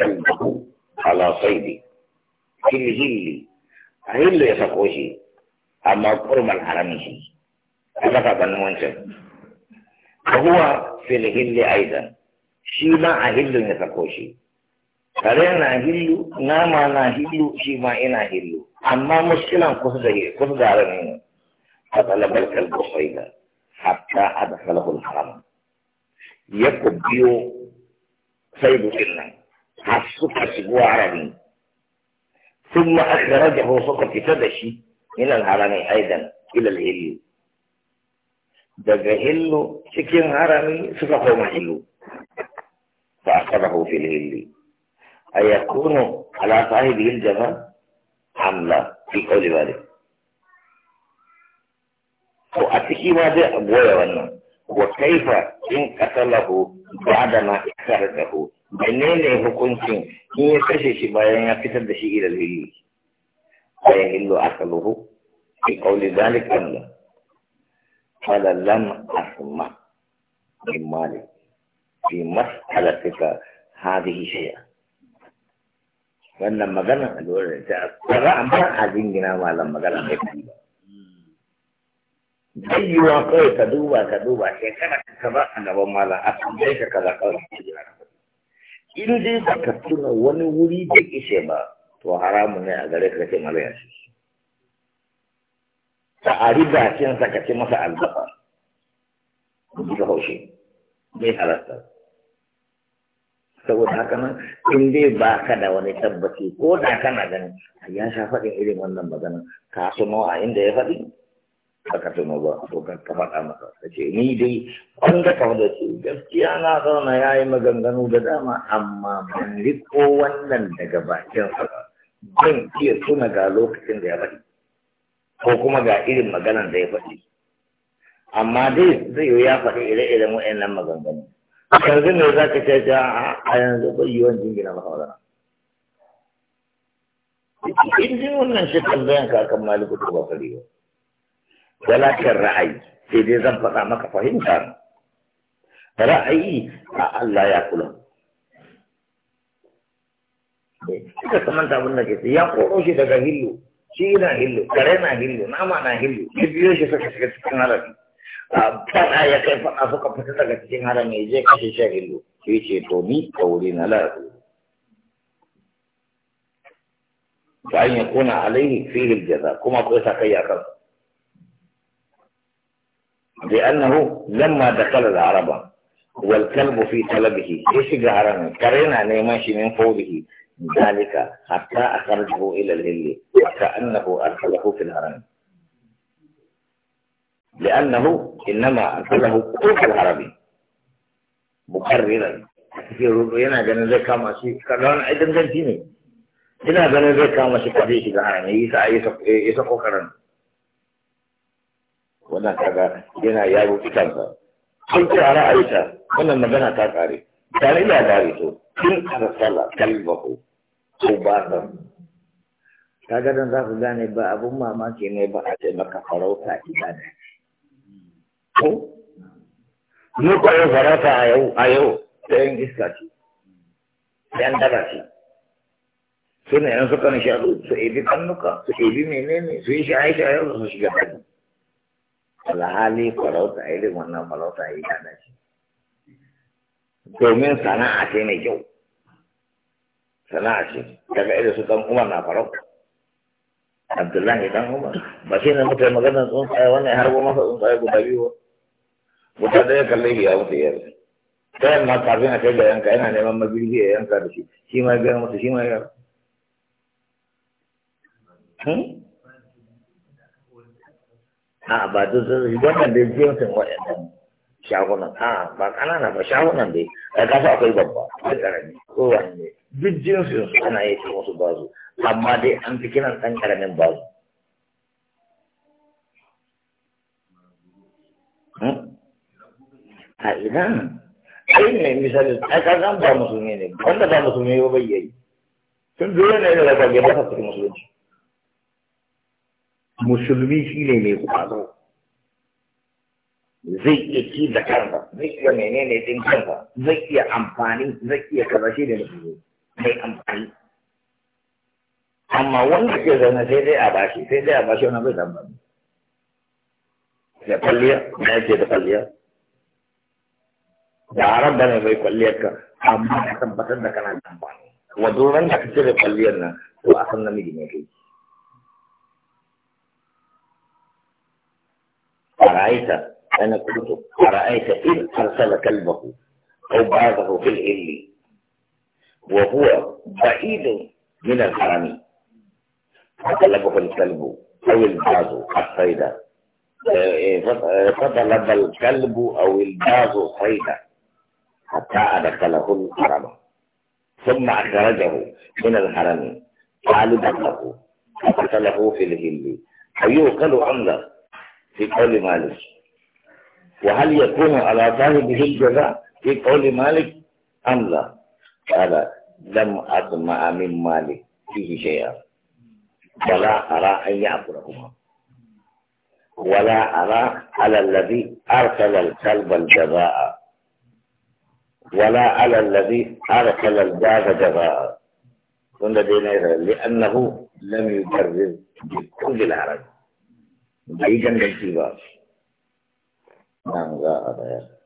كلبه على صيد هل A هل ya sako shi amma kurman haramin shi a saka ganin wancan kahuwa fil hilli aidan shi ma a hillin ya sako shi kare na hillu nama na hillu shi ma ina hillu amma muskilan kusa da kusa da haramin ne a الكلب صيدا حتى أدخله الحرم biyo, بيو صيد nan. حسوك شبو عربي ثم أخرجه سقط تدشي من الهرم أيضا إلى الهلي دقى هل سكين هرمي سقط محلو فأخذه في الهلي أيكون على صاحبه الجنة أم لا في قول ذلك to واضح ciki ma zai a goya wannan wa menene hukuncin in ya kashe shi bayan ya fitar da shi ila lili bayan illo asaluhu fi qawli zalika Allah qala lam asma min malik fi mas'alatika hadhihi shay'a wannan magana a dole ta tsara amma a jingina malam magana mai kai ba zai yi wa kawai ka duba ka duba shekara ka ba a gaban malam a tambaye ka kaza kawai ka jira in dai ka tuna wani wuri da ishe ba to haramu ne a gare ka ce mara yashi ta a riba cin sa ka ce masa ku ji mai halatta saboda haka nan in dai ba ka da wani tabbaci ko da kana ganin ya sha faɗin irin wannan magana ka suna a inda ya faɗi aka tuno ba to ka faɗa masa ta ce ni dai an ga kawo da ce gaskiya na zauna ya yi maganganu da dama amma ban riko wannan daga sa ba Zan iya tuna ga lokacin da ya faɗi ko kuma ga irin maganan da ya faɗi amma dai zai yi ya faɗi ire-iren wa'annan maganganu yanzu ne za ka ce a yanzu bai yi wani jingina masa magana in ji wannan shi kan zayan kakan maliku ko ba kare ba walakin ra'ayi sai dai zan faɗa maka fahimta ra'ayi a Allah ya kula suka samanta abin da ke ya koro shi daga hillu shi na hillu kare na hillu nama na hillu shi biyo shi suka shiga cikin harami faɗa ya kai faɗa suka fita daga cikin harami ya je kashe shi hillu sai ce to ni ka wuri na lafi fa an yakuna alaihi fihi aljaza kuma kai sakayya kansa لأنه لما دخل العرب والكلب في طلبه إيش جهرنا كرنا نيماشي من فوقه ذلك حتى أخرجه إلى الهل وكأنه أرسله في الهرم لأنه إنما أرسله كل العربي مكررا في رؤينا جنزة كما شيء كرنا أيضا جنتيني ina ganin zai شيء قديش جهران يسق يسق harami wannan kaga yana yaro kitansa sun ci a ra'ayita wannan magana ta kare tare da dare to kin arsala kalbahu ko ba san. kaga dan za ku gane ba abun mamaki ne ba a ce farauta ibada ko mu ko yau farauta a yau a yau ta yin iska ce yan daba ce suna yan suka nishaɗu su ebi kannuka su ebi menene su yi aisha shaye su shiga baki alhali farauta irin wannan farauta ya yi kada shi domin sana'a ce mai kyau sana'a ce daga irin su dan umar na farauta abdullahi dan umar ba shi ne mutai maganar tsuntsaye wannan har goma masa tsuntsaye guda biyu guda ɗaya kalle ya mutu ya rasu ta yamma kafin a kai da yanka yana neman magirgi ya yanka da shi shi ma ya gaya mutu shi ma ya rasu Aa ba duk wannan dai jinsin waɗannan shagunan a ba ƙanana ba shagunan dai a kasa akwai babba akwai ƙarami kowanne duk jinsin su ana yi musu bazu amma dai an fi kiran ɗan ƙaramin bazu hmm? a ina ai ne misali ai ka ba musulmi ne wanda ba musulmi ba bai yi tun dole ne da rabar ya ba ta cikin musulunci musulmi shi ne mai kwazo zai iya ci da kansa zai iya menene din kansa zai iya amfani zai iya kaza shi ne musulmi mai amfani amma wanda ke zaune sai dai a bashi sai dai a bashi wani bai zama da kwalliya da yake da kwalliya da haram da ne bai kwalliyar ka amma ka tabbatar da kana da amfani wa duran da kake da kwalliyar nan to a san namiji ne kai أرأيت أنا كنت أرأيت إذ أرسل كلبه أو بعضه في الإل وهو بعيد من الحرم فطلبه الكلب أو الباز الصيدة فطلب الكلب أو الباز الصيدة حتى أدخله الحرم ثم أخرجه من الحرم قال له فقتله في الهل أيوكل عنده في قول مالك وهل يكون على طالبه الجزاء في قول مالك أم لا قال لم أسمع من مالك فيه شيئا ولا أرى أن يعبرهما ولا أرى على الذي أرسل الكلب الجزاء ولا على الذي أرسل الباب جزاء لأنه لم يكرر بكل العرب bai ganganci ba nan za a bayar